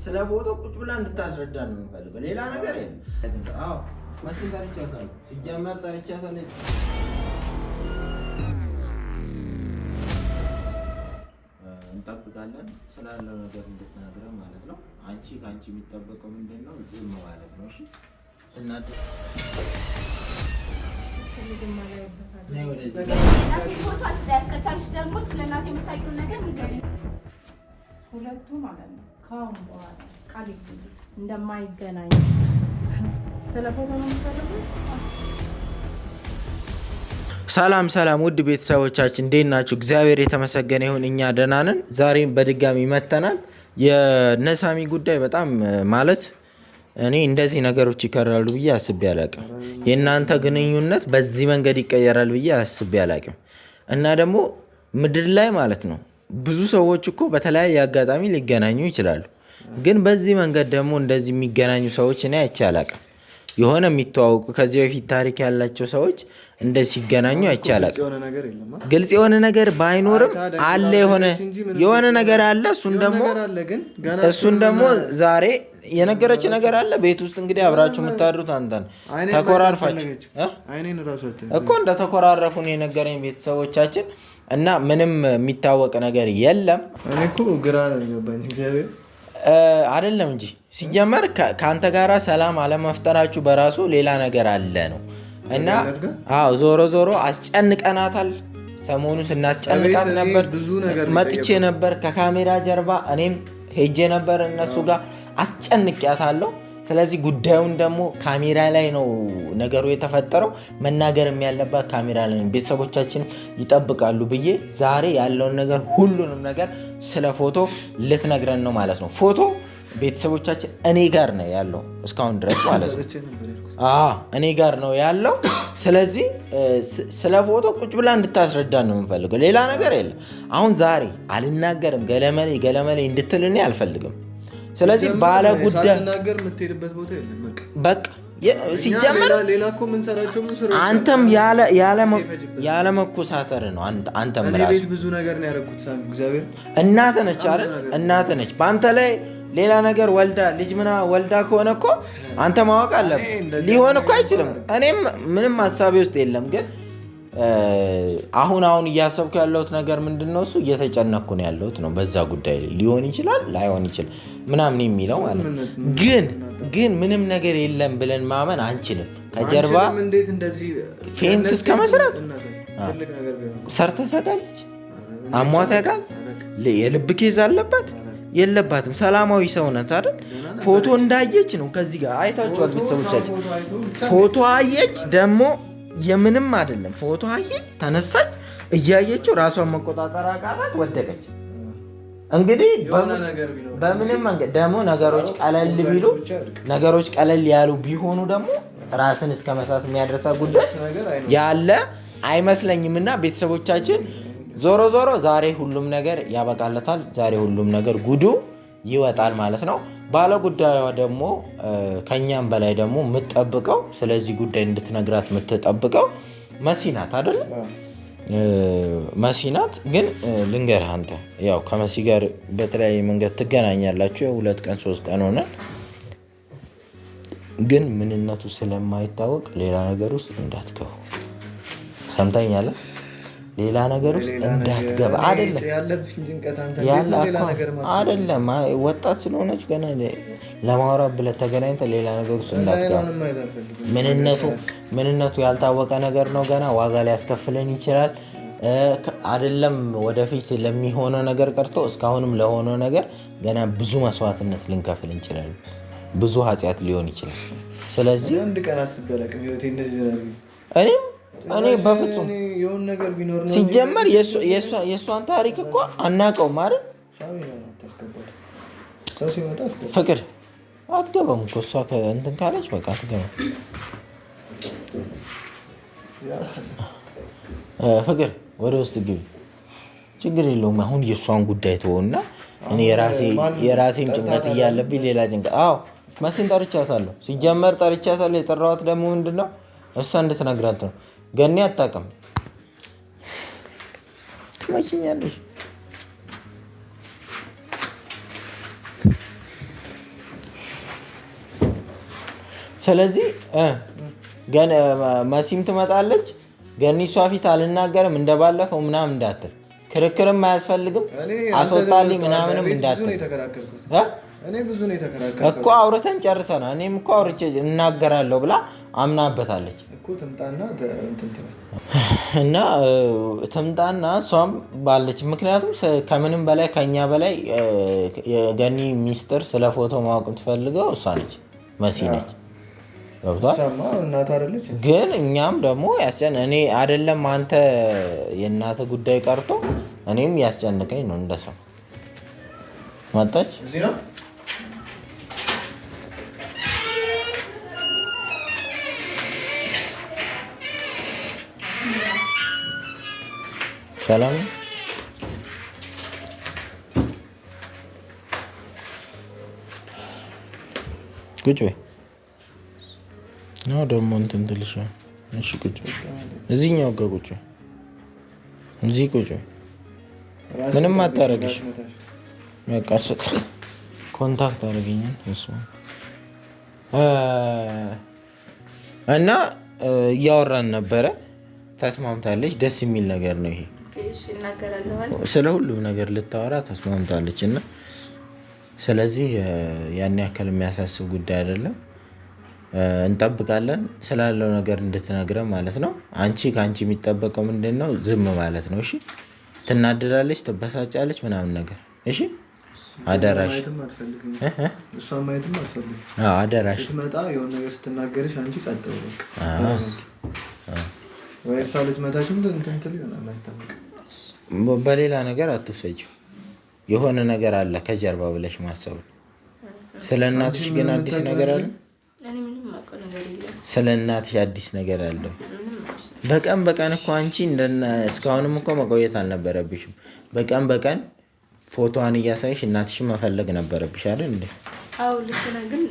ስለ ፎቶ ቁጭ ብላ እንድታስረዳ ነው የምፈልገው። ሌላ ነገር የለም። አዎ መቼ ጠርቻታለሁ? ሲጀመር ጠርቻታለሁ። እንጠብቃለን ስላለው ነገር እንድትነግረን ማለት ነው። አንቺ ከአንቺ የሚጠበቀው ምንድን ነው? ዝም ማለት ነው። እሺ እናት ደግሞ ስለ እናት ነገር ሁለቱ ማለት ነው ካሁን በኋላ ቃል እንደማይገናኝ ስለ ፎቶ ነው ሰላም ሰላም ውድ ቤተሰቦቻችን እንዴት ናችሁ? እግዚአብሔር የተመሰገነ ይሁን እኛ ደህና ነን። ዛሬም በድጋሚ መጥተናል። የነሳሚ ጉዳይ በጣም ማለት እኔ እንደዚህ ነገሮች ይከራሉ ብዬ አስቤ አላቅም። የእናንተ ግንኙነት በዚህ መንገድ ይቀየራል ብዬ አስቤ አላቅም እና ደግሞ ምድር ላይ ማለት ነው ብዙ ሰዎች እኮ በተለያየ አጋጣሚ ሊገናኙ ይችላሉ። ግን በዚህ መንገድ ደግሞ እንደዚህ የሚገናኙ ሰዎች እኔ አይቼ አላቅም። የሆነ የሚተዋወቁ ከዚህ በፊት ታሪክ ያላቸው ሰዎች እንደ ሲገናኙ አይቼ አላቅም። ግልጽ የሆነ ነገር ባይኖርም አለ የሆነ የሆነ ነገር አለ። እሱን ደግሞ እሱን ደግሞ ዛሬ የነገረች ነገር አለ። ቤት ውስጥ እንግዲህ አብራችሁ የምታድሩት አንተን ተኮራርፋችሁ እኮ እንደ ተኮራረፉን የነገረኝ ቤተሰቦቻችን እና ምንም የሚታወቅ ነገር የለም። ግራ አይደለም እንጂ ሲጀመር ከአንተ ጋር ሰላም አለመፍጠራችሁ በራሱ ሌላ ነገር አለ ነው እና ዞሮ ዞሮ አስጨንቀናታል። ሰሞኑ ስናስጨንቃት ነበር። መጥቼ ነበር ከካሜራ ጀርባ እኔም ሄጄ ነበር እነሱ ጋር አስጨንቅያታለሁ። ስለዚህ ጉዳዩን ደግሞ ካሜራ ላይ ነው ነገሩ የተፈጠረው። መናገርም ያለባት ካሜራ ላይ ነው። ቤተሰቦቻችን ይጠብቃሉ ብዬ ዛሬ ያለውን ነገር ሁሉንም ነገር ስለ ፎቶ ልትነግረን ነው ማለት ነው። ፎቶ ቤተሰቦቻችን እኔ ጋር ነው ያለው እስካሁን ድረስ ማለት ነው። እኔ ጋር ነው ያለው። ስለዚህ ስለ ፎቶ ቁጭ ብላ እንድታስረዳ ነው የምንፈልገው። ሌላ ነገር የለም። አሁን ዛሬ አልናገርም ገለመሌ ገለመሌ እንድትልኔ አልፈልግም። ስለዚህ ባለ ጉዳይ ሲጀመር አንተም ያለ መኮሳተር ነው። አንተም ነች ነች። በአንተ ላይ ሌላ ነገር ወልዳ ልጅ ምና ወልዳ ከሆነ እኮ አንተ ማወቅ አለብህ። ሊሆን እኮ አይችልም። እኔም ምንም ሀሳቤ ውስጥ የለም ግን አሁን አሁን እያሰብኩ ያለሁት ነገር ምንድን ነው እሱ እየተጨነኩ ነው ያለሁት ነው በዛ ጉዳይ ሊሆን ይችላል ላይሆን ይችላል ምናምን የሚለው ማለት ነው። ግን ግን ምንም ነገር የለም ብለን ማመን አንችልም። ከጀርባ ፌንት እስከ መስራት ሰርተ ታውቃለች? አሟ ያውቃል? የልብ ኬዝ አለባት የለባትም? ሰላማዊ ሰውነት አይደል? ፎቶ እንዳየች ነው ከዚህ ጋር አይታችኋል። ቤተሰቦቻችን ፎቶ አየች ደግሞ የምንም አይደለም ፎቶ አየ ተነሳች፣ እያየችው ራሷን መቆጣጠር አቃታት፣ ወደቀች። እንግዲህ በምንም መንገድ ደግሞ ነገሮች ቀለል ቢሉ ነገሮች ቀለል ያሉ ቢሆኑ ደግሞ ራስን እስከ መሳት የሚያደርሳ ጉዳይ ያለ አይመስለኝም። እና ቤተሰቦቻችን ዞሮ ዞሮ ዛሬ ሁሉም ነገር ያበቃለታል። ዛሬ ሁሉም ነገር ጉዱ ይወጣል ማለት ነው። ባለ ጉዳዩ ደግሞ ከእኛም በላይ ደግሞ የምትጠብቀው ስለዚህ ጉዳይ እንድትነግራት የምትጠብቀው መሲናት አደለ? አይደለም? ግን ልንገር አንተ ያው ከመሲ ጋር በተለያየ መንገድ ትገናኛላችሁ። የሁለት ቀን ሶስት ቀን ሆነን ግን ምንነቱ ስለማይታወቅ ሌላ ነገር ውስጥ እንዳትገቡ ሰምተኛለህ። ሌላ ነገር ውስጥ እንዳትገባ አይደለም ያለ አይደለም። ወጣት ስለሆነች ገና ለማውራት ብለህ ተገናኝተህ ሌላ ነገር ውስጥ እንዳትገባ። ምንነቱ ምንነቱ ያልታወቀ ነገር ነው። ገና ዋጋ ሊያስከፍለን ይችላል። አይደለም ወደፊት ለሚሆነው ነገር ቀርቶ እስካሁንም ለሆነው ነገር ገና ብዙ መስዋዕትነት ልንከፍል እንችላለን። ብዙ ኃጢአት ሊሆን ይችላል። ስለዚህ እኔ በፍጹም የሆነ ነገር ቢኖር ነው። ሲጀመር የእሷን ታሪክ እኮ አናውቀውም አይደል? ፍቅር አትገባም እኮ እሷ እንትን ካለች በቃ አትገባም። ፍቅር ወደ ውስጥ ግቢ፣ ችግር የለውም። አሁን የእሷን ጉዳይ ተወውና እኔ የራሴም ጭንቀት እያለብኝ ሌላ ጭንቀት። አዎ መሲን ጠርቻታለሁ። ሲጀመር ጠርቻታለሁ። የጠራኋት ደግሞ ምንድን ነው እሷ እንድትነግራት ነው ገኔ አታውቅም። ትመችኛለሽ። ስለዚህ መሲም ትመጣለች። ገኒ እሷ ፊት አልናገርም እንደባለፈው ምናምን እንዳትል፣ ክርክርም አያስፈልግም፣ አስወጣልኝ ምናምንም እንዳትል እኔ ብዙ ነው የተከራከረ እኮ አውርተን ጨርሰናል። እኔም እኮ አውርቼ እናገራለሁ ብላ አምናበታለች እኮ ትምጣና እና ትምጣና እሷም ባለች። ምክንያቱም ከምንም በላይ ከኛ በላይ የገኒ ሚስጥር ስለ ፎቶ ማወቅ የምትፈልገው እሷ ነች፣ መሲ ነች። ግን እኛም ደግሞ ያስጨን እኔ አይደለም አንተ የእናተ ጉዳይ ቀርቶ እኔም ያስጨንቀኝ ነው እንደሰው መጣች ሰላም ቁጭ በይ ነው ደግሞ እንትን ትልሻ። እሺ ቁጭ እዚህኛው ጋር ቁጭ እዚህ ቁጭ። ምንም አታረግሽ። በቃ ኮንታክት አደረገኛል እሱ እና እያወራን ነበረ። ተስማምታለች። ደስ የሚል ነገር ነው ይሄ። ስለ ሁሉም ነገር ልታወራ ተስማምታለች እና ስለዚህ ያን ያክል የሚያሳስብ ጉዳይ አይደለም። እንጠብቃለን ስላለው ነገር እንድትነግረ ማለት ነው። አንቺ ከአንቺ የሚጠበቀው ምንድን ነው? ዝም ማለት ነው። እሺ ትናደዳለች፣ ትበሳጫለች ምናምን ነገር እሺ። አደራሽ አደራሽ ስትመጣ የሆነ ነገር ስትናገርሽ አንቺ ጸጥ ወይ እሷ ልትመታችሁ እንትን ትል ይሆናል አይታወቅም። በሌላ ነገር አትውሰጂው። የሆነ ነገር አለ ከጀርባ ብለሽ ማሰብ ነው። ስለ እናትሽ ግን አዲስ ነገር አለ። ስለ እናትሽ አዲስ ነገር አለው? በቀን በቀን እኮ አንቺ እስካሁንም እኮ መቆየት አልነበረብሽም። በቀን በቀን ፎቶዋን እያሳይሽ እናትሽ መፈለግ ነበረብሽ አይደል እንደ አዎ ልክ ነህ። ግን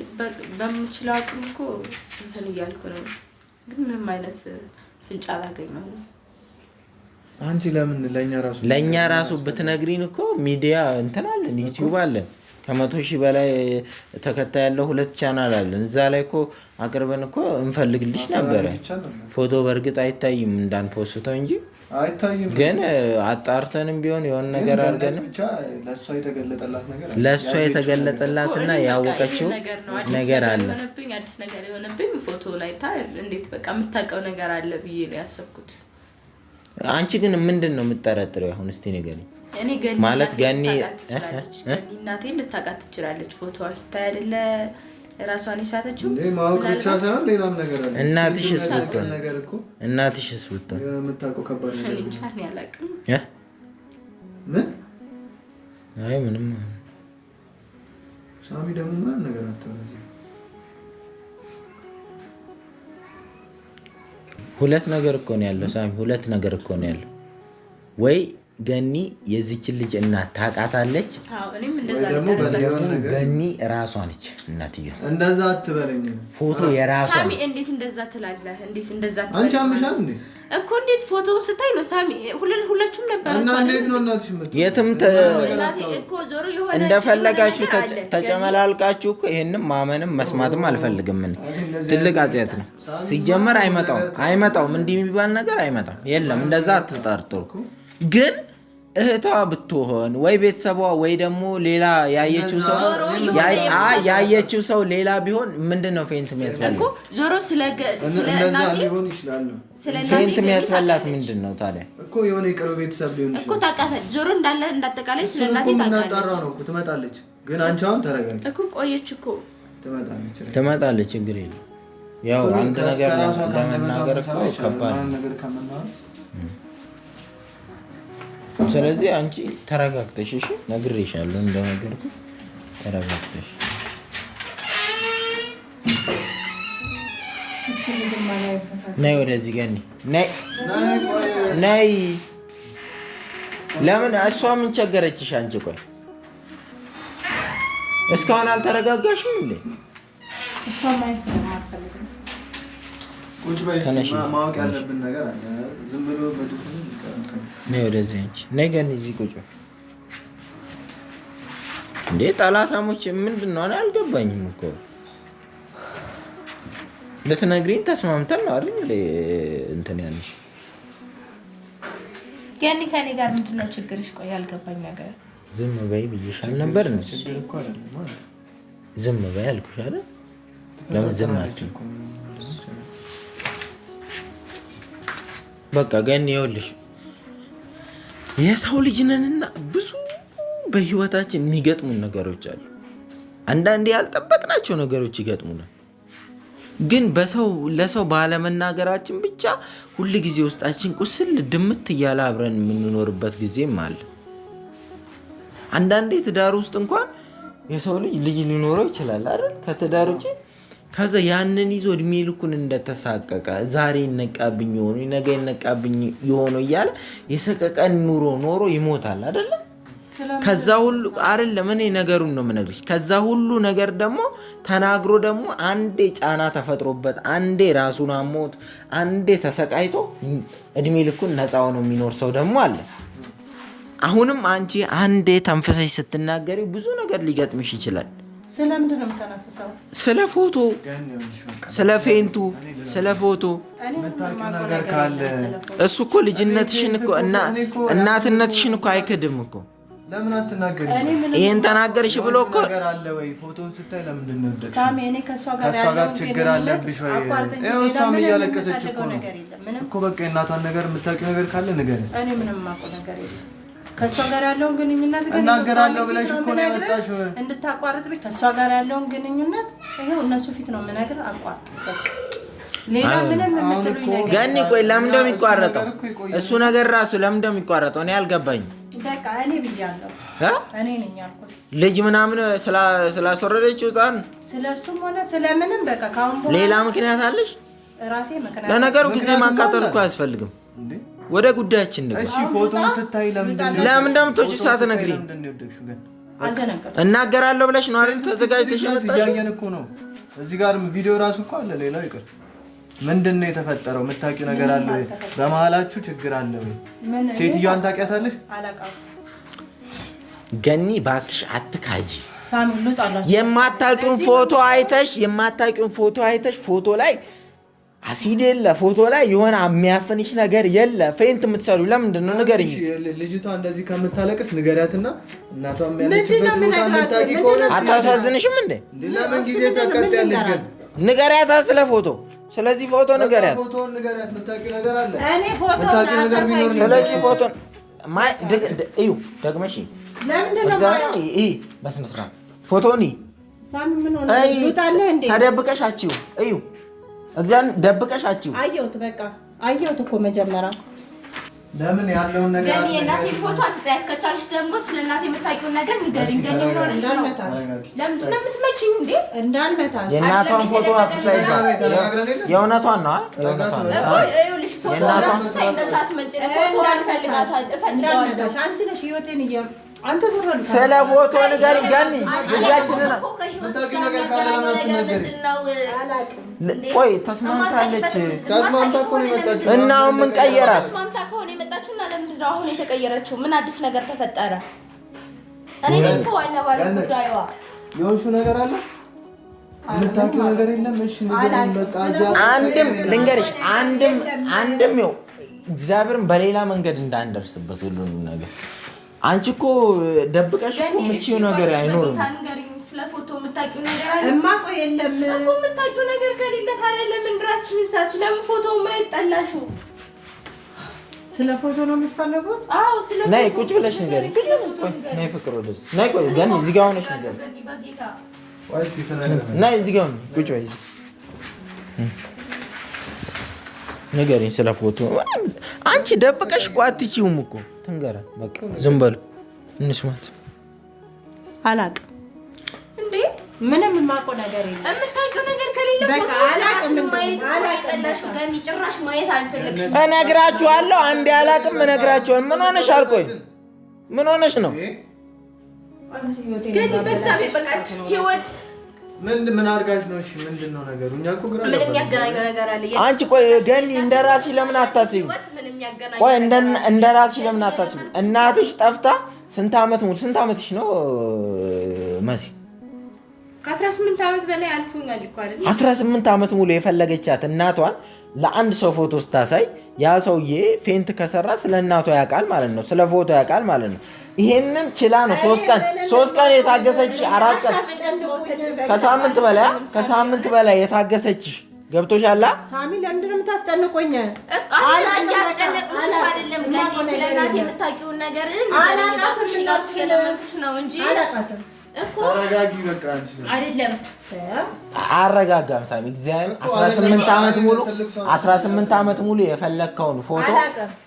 በምችለው አቅም እኮ እንትን እያልኩ ነው፣ ግን ምንም አይነት አላገኘሁም። አንቺ ለምን ለእኛ ራሱ ለእኛ ራሱ ብትነግሪን እኮ ሚዲያ እንትን አለን፣ ዩቲዩብ አለን። ከመቶ ሺህ በላይ ተከታይ ያለው ሁለት ቻናል አለን። እዛ ላይ እኮ አቅርበን እኮ እንፈልግልሽ ነበረ። ፎቶ በእርግጥ አይታይም ፖስተው እንጂ ግን አጣርተንም ቢሆን የሆን ነገር አድርገንም ለእሷ የተገለጠላትና ያወቀችው ነገር አለ። አዲስ ነገር የሆነብኝ ፎቶ ላይ እንዴት በቃ የምታውቀው ነገር አለ ብዬ ነው ያሰብኩት። አንቺ ግን ምንድን ነው የምጠረጥረው? አሁን እስቲ ንገሪኝ። ማለት ገኒ እናቴ ልታውቃት ትችላለች። ፎቶዋን ስታይ አይደለ ራሷን የሳተችው እናትሽስ ብትሆን እናትሽስ ብትሆን ምንም ሳሚ ደግሞ ምንም ነገር ሁለት ነገር እኮ ነው ያለው ሳሚ፣ ሁለት ነገር እኮ ነው ያለው ወይ ገኒ የዚችን ልጅ እናት ታውቃታለች። ገኒ ራሷ ነች እናትየው። እንደዛ አትበለኝ። ፎቶ የራሷ ሳሚ። እንዴት እንደዛ ትላለህ? እንዴት እንደዛ አንቺ አምሻል እንዴ እኮ እንዴት ፎቶ ስታይ ነው ሳሚ። ሁላችሁም ነበራችሁ። የትም እንደፈለጋችሁ ተጨመላልቃችሁ እኮ። ይህንም ማመንም መስማትም አልፈልግም። ትልቅ አጽያት ነው ሲጀመር። አይመጣውም አይመጣውም፣ እንዲህ የሚባል ነገር አይመጣም። የለም እንደዛ አትጠርጥሩ ግን እህቷ ብትሆን ወይ ቤተሰቧ ወይ ደግሞ ሌላ ያየችው ሰው ያየችው ሰው ሌላ ቢሆን ምንድን ነው ፌንት የሚያስፈልገው? ፌንት የሚያስፈላት ምንድን ነው ታዲያ? እኮ የሆነ የቅርብ ቤተሰብ ሊሆን ይችላል። ዞሮ እንዳለ እንዳጠቃላይ ታውቃለች ትመጣለች። ግን አንቺ አሁን ተረጋጊ እኮ ቆየች እኮ ትመጣለች። ችግር የለም። ያው አንድ ነገር ለመናገር ከባድ ስለዚህ አንቺ ተረጋግተሽ እሺ፣ ነግሬሻለሁ እንደነገርኩ ተረጋግተሽ ነይ ወደዚህ ገኒ ነይ። ለምን እሷ ምን ቸገረችሽ? አንቺ ቆይ እስካሁን አልተረጋጋሽም እንዴ? ቁጭ ማወቅ ያለብን ነገር አለ። ዝም ብሎ ነይ ወደዚህ አንቺ ነይ እዚህ ቁጭ እንዴ ጠላታሞች ምንድን ነው አልገባኝም እኮ ልትነግሪኝ ተስማምተን ነው አይደል? እንደ እንትን ያለሽ ያኔ ከኔ ጋር ምንድን ነው ችግርሽ? ቆይ ያልገባኝ ነገር ዝም በይ ብዬሻል ነበር ነው ዝም በይ አልኩሽ አይደል? ለምን ዝም አልኩኝ? በቃ ገኒ ይኸውልሽ የሰው ልጅ ነንና ብዙ በህይወታችን የሚገጥሙን ነገሮች አሉ። አንዳንዴ ያልጠበቅናቸው ነገሮች ይገጥሙናል። ግን በሰው ለሰው ባለመናገራችን ብቻ ሁል ጊዜ ውስጣችን ቁስል ድምት እያለ አብረን የምንኖርበት ጊዜም አለ። አንዳንዴ ትዳር ውስጥ እንኳን የሰው ልጅ ልጅ ሊኖረው ይችላል አይደል? ከትዳር ውጭ ከዛ ያንን ይዞ እድሜ ልኩን እንደተሳቀቀ ዛሬ ይነቃብኝ የሆኑ ነገ ይነቃብኝ የሆነው እያለ የሰቀቀን ኑሮ ኖሮ ይሞታል አይደለም። ከዛ ሁሉ አይደለም እኔ ነገሩን ነው የምነግርሽ። ከዛ ሁሉ ነገር ደግሞ ተናግሮ ደግሞ አንዴ ጫና ተፈጥሮበት አንዴ ራሱን አሞት አንዴ ተሰቃይቶ እድሜ ልኩን ነፃ ሆኖ የሚኖር ሰው ደግሞ አለ። አሁንም አንቺ አንዴ ተንፍሰሽ ስትናገሪ ብዙ ነገር ሊገጥምሽ ይችላል። ስለ ፎቶ፣ ስለ ፌንቱ፣ ስለ ፎቶ። እሱ እኮ ልጅነትሽን እኮ እናትነትሽን እኮ አይክድም እኮ። ይህን ተናገርሽ ብሎ እኮ ችግር አለብሽ ወይ? እሷም እያለቀሰች እኮ ነው እኮ። በቃ የእናቷን ነገር የምታውቂው ነገር ካለ ንገሪኝ። ከእሷ ጋር ያለውን ግንኙነት እናገራለሁ ብለሽ እኮ ነው የመጣሽው። እንድታቋርጥ ብቻ ከእሷ ጋር ያለውን ግንኙነት ይሄው እነሱ ፊት ነው የምነግርህ። አቋርጥ በቃ ምንም ነገር ገኒ፣ ቆይ ለምን እንደሚቋረጠው እሱ ነገር ራሱ ለምን እንደሚቋረጠው እኔ አልገባኝም። ብያለሁ፣ ነኝ ልጅ ምናምን ስላስወረደች ሕፃን ስለሱም ሆነ ስለምንም በቃ ሌላ ምክንያት አለሽ? ለነገሩ ጊዜ ማቃጠል እኮ አያስፈልግም። ወደ ጉዳያችን ንገር። እሺ ፎቶውን ስታይ ለምን እንደምትወጪ ሳትነግሪ እናገራለሁ ብለሽ ነው አይደል? ተዘጋጅተሽ መጣሽ። እያየን እኮ ነው። እዚህ ጋርም ቪዲዮ ራሱ እኮ አለ። ሌላው ይቅር፣ ምንድን ነው የተፈጠረው? የምታውቂው ነገር አለ ወይ? በመሀላችሁ ችግር አለ ወይ? ሴትዮዋን ታውቂያታለሽ? ገኒ እባክሽ አትካጂ። የማታውቂውን ፎቶ አይተሽ የማታውቂውን ፎቶ አይተሽ ፎቶ ላይ አሲድ የለ፣ ፎቶ ላይ የሆነ የሚያፈንሽ ነገር የለ። ፌንት የምትሰሩ ለምንድን ነው? ንገሪኝ። ልጅቷ እንደዚህ ከምታለቅስ ንገሪያትና እናቷ አታሳዝንሽም እንዴ? ለምን ስለ ፎቶ ስለዚህ ፎቶ ንገሪያት። ስለዚህ ፎቶ እዩ ደግመሽ በስነ ስርዓት ፎቶኒ ተደብቀሻችው እዩ እግዚአብሔር ደብቀሻችሁ አየሁት። በቃ አየሁት እኮ መጀመሪያ ለምን ያለውን ነገር ገኒ እናቴ ፎቶ አትጠያት። ከቻልሽ ደግሞ ስለ እናቴ የምታውቂውን ነገር ንገሪኝ። ገኒ ሆነሽ ነው ለምንድን ነው የምትመችኝ እንዴ? እንዳልመታ የእናቷን ፎቶ አትጠያት። የእውነቷን ነው ይኸውልሽ፣ ፎቶ ፎቶ አንፈልጋታል። እፈልጋዋለሁ። አንቺ ነሽ ህይወቴን እያሉ ስለ ቦቶ ንገሪኝ። ገኒ ነው። ቆይ ተስማምታለች። ተስማምታ እኮ ነው የመጣችው እና አሁን ምን ቀየራት? ተስማምታ ከሆነ የመጣችው እና ለምንድን ነው አሁን የተቀየረችው? ምን አዲስ ነገር ተፈጠረ? እኔ እኮ ዋና ባለ ጉዳይዋ የሆንሽው ነገር አለ የምታውቂው ነገር የለም። እሺ አንድም ልንገርሽ፣ አንድም አንድም ይኸው እግዚአብሔርን በሌላ መንገድ እንዳንደርስበት ሁሉንም ነገር አንቺ እኮ ደብቀሽ እኮ የምትይው ነገር አይኖርም። ስለ ፎቶ የምታውቂው ነገር አለ እማ? ቆይ የለም እኮ የምታውቂው ነገር ከሌለ ታዲያ ለምን ሳትሽ? ለምን ፎቶ ማየት ጠላሽው? ስለ ፎቶ ነው የምትፈልጉት? አዎ፣ ስለ ፎቶ ነይ፣ ቁጭ ብለሽ ነይ ፍቅር፣ ነይ። ቆይ ገኒ፣ እዚህ ጋር ሆነሽ ነይ፣ እዚህ ጋር ሆነሽ ቁጭ በይ። ንገሪኝ ስለ ፎቶ። አንቺ ደብቀሽ እኮ አትችይውም እኮ ትንገረ። በቃ ዝም በሉ እንስማት። አላቅም እንዴ ምንም የማውቀው ነገር የለም። የምታውቂው ነገር ከሌለ ጭራሽ ማየት አልፈለግሽም። እነግራችኋለሁ። አንዴ አላቅም እነግራችኋለሁ። ምን ሆነሽ አልቆይ፣ ምን ሆነሽ ነው? በእግዚአብሔር በቃ ህይወት ምን ምን አድርጋሽ ነው? እሺ ምንድን ነው ነገሩ? እኛ እኮ ግራ ምንም ያገናኘው ነገር አለ። አንቺ ቆይ ገኒ እንደራሲ ለምን አታስቢ? ቆይ ለምን አታስቢ? እናትሽ ጠፍታ ስንት አመት ሙሉ ስንት አመትሽ ነው መሲ ከ18 ዓመት በላይ አልፎኛል እኮ አይደል? 18 ዓመት ሙሉ የፈለገቻት እናቷን ለአንድ ሰው ፎቶ ስታሳይ ያ ሰውዬ ፌንት ከሰራ ስለ እናቷ ያውቃል ማለት ነው፣ ስለ ፎቶ ያውቃል ማለት ነው። ይሄንን ችላ ነው ሶስት ቀን ሶስት ቀን የታገሰች አራት ቀን ከሳምንት በላይ ከሳምንት በላይ የታገሰች ገብቶሻላ ሳሚ፣ ለምንድን ነው የምታስጨንቆኝ? እያስጨነቅሽ አይደለም ገኒ፣ ስለ እናት የምታውቂውን ነገር አላውቃትም ነው እንጂ አላቃትም አረጋጋም ሳሚ እግዚአብሔር 18 ዓመት ሙሉ 18 ዓመት ሙሉ የፈለግከውን ፎቶ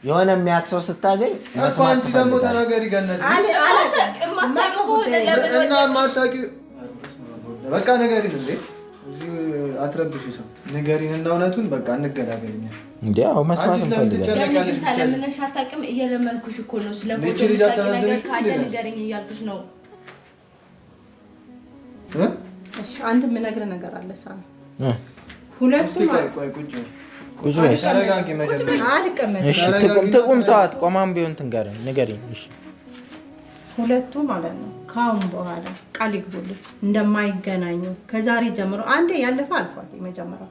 የሆነ የሚያክሰው ስታገኝ አንቺ ደግሞ ተናገሪ በቃ ንገሪን እንዴ አትረብሽ ሰው ንገሪን እና እውነቱን በቃ እንገላገለኛል እንዲ መስማት እንፈልጋለን እየለመንኩሽ እኮ ነው ስለ ፎቶ ነገር ካለ ንገሪኝ እያልኩሽ ነው አንድ የምነግርህ ነገር አለ ሳሚ። ሁለቱም ጠዋት ቆማም ቢሆን ሁለቱ ማለት ነው ከአሁን በኋላ ቃል ይግቡልህ እንደማይገናኙ ከዛሬ ጀምሮ። አንዴ ያለፈ አልፏል። የመጀመሪያው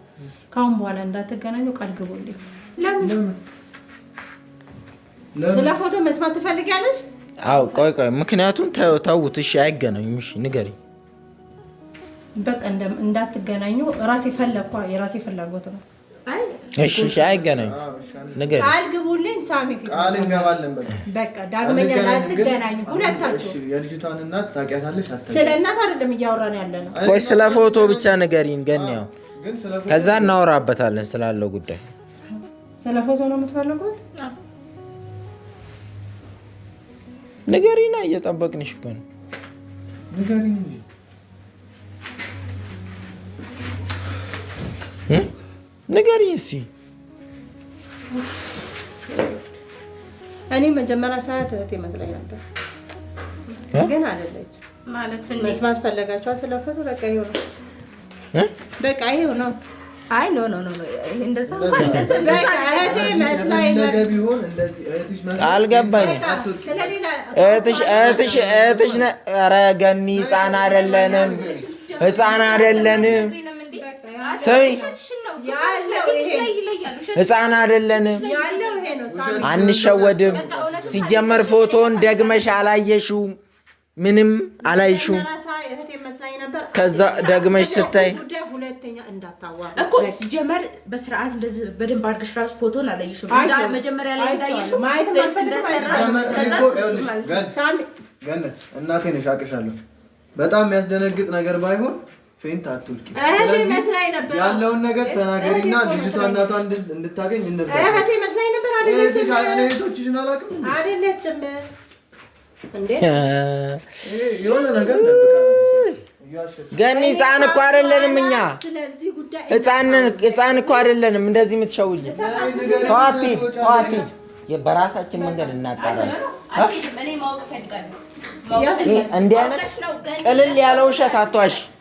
ከአሁን በኋላ እንዳትገናኙ ቃል ግቡልህ። ስለ ፎቶ መስማት ትፈልጊያለሽ? አዎ ቆይ ቆይ፣ ምክንያቱም ተውት። እሺ አይገናኙም። እሺ ንገረኝ በቃ እንዳትገናኙ ራሴ ፈለግኳ። የራሴ ፍላጎት ነው። እሺ እሺ፣ አይገናኙ ነገር ቃል ግቡልኝ። ሳሚ ፊት ቃል እንገባለን። በቃ ዳግመኛ እንዳትገናኙ ሁለታችሁ። የልጅቷን እናት ታውቂያታለሽ? ስለ እናት አይደለም እያወራን ያለ ነው። ቆይ ስለ ፎቶ ብቻ ንገሪን፣ ገንያው ከዛ እናወራበታለን ስላለው ጉዳይ። ስለ ፎቶ ነው የምትፈልጉት? ንገሪና፣ እየጠበቅንሽ እኮ ነው። ንገሪን እንጂ ንገሪኝ እስኪ። እኔ መጀመሪያ ሰዓት እህት ይመስለኝ ነበር፣ ግን አይደለች። መስማት ፈለጋቸዋ ስለፈቱ በቃ ይኸው ነው፣ በቃ ይኸው ነው። አይ ኖ ኖ ኖ፣ አልገባኝም። ኧረ ገኒ ህፃን አይደለንም፣ ህፃን አይደለንም። ስሚ ህፃን አይደለንም፣ አንሸወድም። ሲጀመር ፎቶን ደግመሽ አላየሽውም፣ ምንም አላይሽውም። ከዛ ደግመሽ ስታይ እኮ ሲጀመር በስርዓት እንደዚህ በደንብ አድርገሽ ራሱ ፎቶን አላየሽም። መጀመሪያ ላይ እንዳየሽው ገነት እናቴ ነሽ፣ አቅሻለሁ። በጣም የሚያስደነግጥ ነገር ባይሆን ፌንት አትወድቂ። እህቴ መስላኝ ነበር ያለውን ነገር ተናገሪና ልጅቷ እናቷ እንድታገኝ እንርዳ። እህቴ መስላኝ ነበር አይደለችም? እህቶችሽን አላውቅም አይደለችም? እንዴ የሆነ ነገር ገኒ፣ ህፃን እኮ አይደለንም እኛ ህፃን እኮ አይደለንም። እንደዚህ የምትሸውኝ ተዋት፣ ተዋት። በራሳችን መንገድ እናጣራለን። እንዲህ አይነት ቅልል ያለ ውሸት አትዋሽ።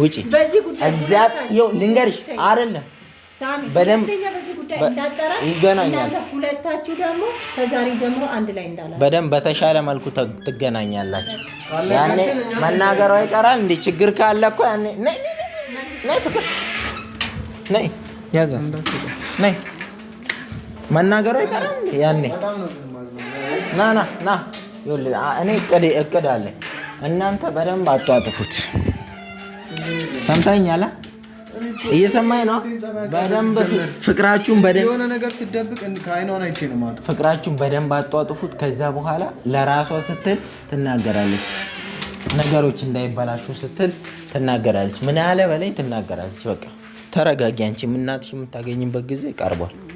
ውጪ እግዚአብሔር ልንገርሽ አይደለም በደንብ ይገናኛል። ሁለታችሁ ደግሞ ከዛሬ አንድ ላይ እንዳላ በደንብ በተሻለ መልኩ ትገናኛላችሁ። ያኔ መናገሯ ይቀራል። እንዲ ችግር ካለ እኮ ያኔ ነይ ነይ ፍቅር ነይ ነይ መናገሯ ይቀራል። ያኔ ና ና ና እኔ እቅድ አለ። እናንተ በደንብ አጧጥፉት። ሰምታኛላ እየሰማኝ ነው። በደንብ ፍቅራችሁን በደንብ አጧጥፉት። ከዛ በኋላ ለራሷ ስትል ትናገራለች፣ ነገሮች እንዳይበላሹ ስትል ትናገራለች። ምን ያለ በላይ ትናገራለች። በቃ ተረጋጊ። አንቺ እናትሽ የምታገኝበት ጊዜ ቀርቧል።